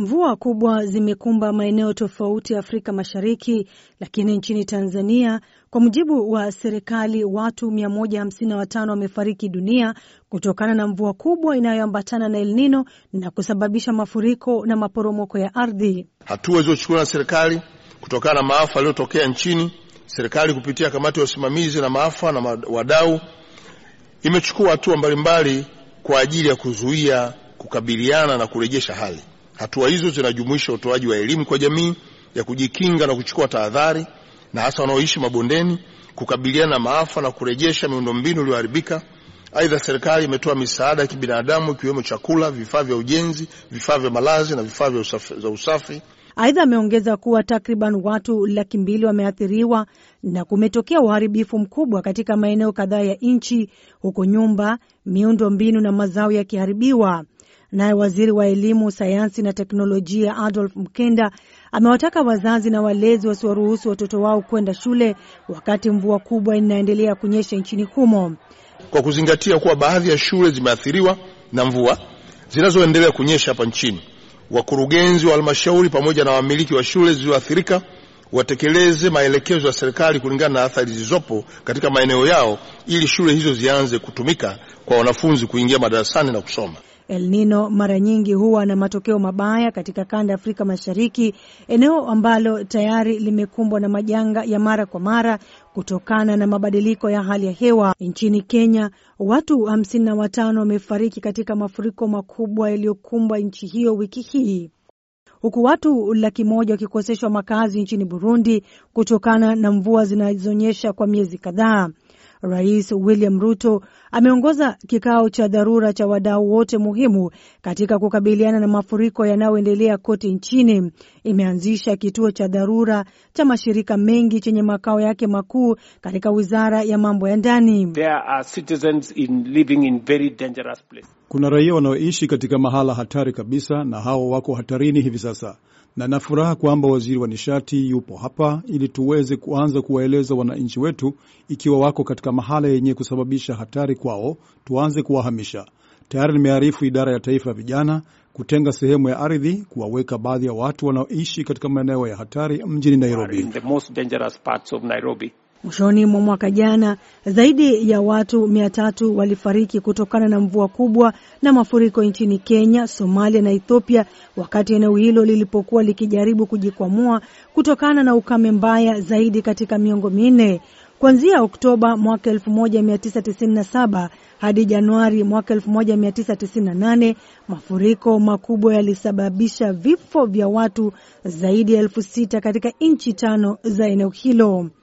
Mvua kubwa zimekumba maeneo tofauti Afrika Mashariki, lakini nchini Tanzania, kwa mujibu wa serikali, watu 155 wamefariki dunia kutokana na mvua kubwa inayoambatana na El Nino na kusababisha mafuriko na maporomoko ya ardhi. Hatua zilizochukuliwa na serikali kutokana na maafa yaliyotokea nchini, serikali kupitia kamati ya usimamizi na maafa na wadau imechukua hatua mbalimbali kwa ajili ya kuzuia, kukabiliana na kurejesha hali Hatua hizo zinajumuisha utoaji wa elimu kwa jamii ya kujikinga na kuchukua tahadhari, na hasa wanaoishi mabondeni, kukabiliana na maafa na kurejesha miundombinu iliyoharibika. Aidha, serikali imetoa misaada ya kibinadamu ikiwemo chakula, vifaa vya ujenzi, vifaa vya malazi na vifaa vya usafi, za usafi. Aidha, ameongeza kuwa takriban watu laki mbili wameathiriwa na kumetokea uharibifu mkubwa katika maeneo kadhaa ya nchi, huku nyumba, miundo mbinu na mazao yakiharibiwa. Naye waziri wa elimu, sayansi na teknolojia Adolf Mkenda amewataka wazazi na walezi wasiwaruhusu watoto wao kwenda shule wakati mvua kubwa inaendelea kunyesha nchini humo, kwa kuzingatia kuwa baadhi ya shule zimeathiriwa na mvua zinazoendelea kunyesha hapa nchini. Wakurugenzi wa halmashauri pamoja na wamiliki wa shule zilizoathirika watekeleze maelekezo ya serikali kulingana na athari zilizopo katika maeneo yao ili shule hizo zianze kutumika kwa wanafunzi kuingia madarasani na kusoma. El Nino mara nyingi huwa na matokeo mabaya katika kanda ya Afrika Mashariki, eneo ambalo tayari limekumbwa na majanga ya mara kwa mara kutokana na mabadiliko ya hali ya hewa. Nchini Kenya, watu hamsini na watano wamefariki katika mafuriko makubwa yaliyokumba nchi hiyo wiki hii huku watu laki moja wakikoseshwa makazi nchini Burundi kutokana na mvua zinazonyesha kwa miezi kadhaa. Rais William Ruto ameongoza kikao cha dharura cha wadau wote muhimu katika kukabiliana na mafuriko yanayoendelea kote nchini. Imeanzisha kituo cha dharura cha mashirika mengi chenye makao yake makuu katika wizara ya mambo ya ndani. Kuna raia wanaoishi katika mahala hatari kabisa, na hao wako hatarini hivi sasa, na nafuraha kwamba waziri wa nishati yupo hapa ili tuweze kuanza kuwaeleza wananchi wetu, ikiwa wako katika mahala yenye kusababisha hatari kwao, tuanze kuwahamisha. Tayari nimearifu idara ya taifa ya vijana kutenga sehemu ya ardhi kuwaweka baadhi ya watu wanaoishi katika maeneo ya hatari mjini Nairobi. Mwishoni mwa mwaka jana, zaidi ya watu mia tatu walifariki kutokana na mvua kubwa na mafuriko nchini Kenya, Somalia na Ethiopia, wakati eneo hilo lilipokuwa likijaribu kujikwamua kutokana na ukame mbaya zaidi katika miongo minne. Kuanzia Oktoba mwaka 1997 hadi Januari mwaka 1998, mafuriko makubwa yalisababisha vifo vya watu zaidi ya elfu sita katika nchi tano za eneo hilo.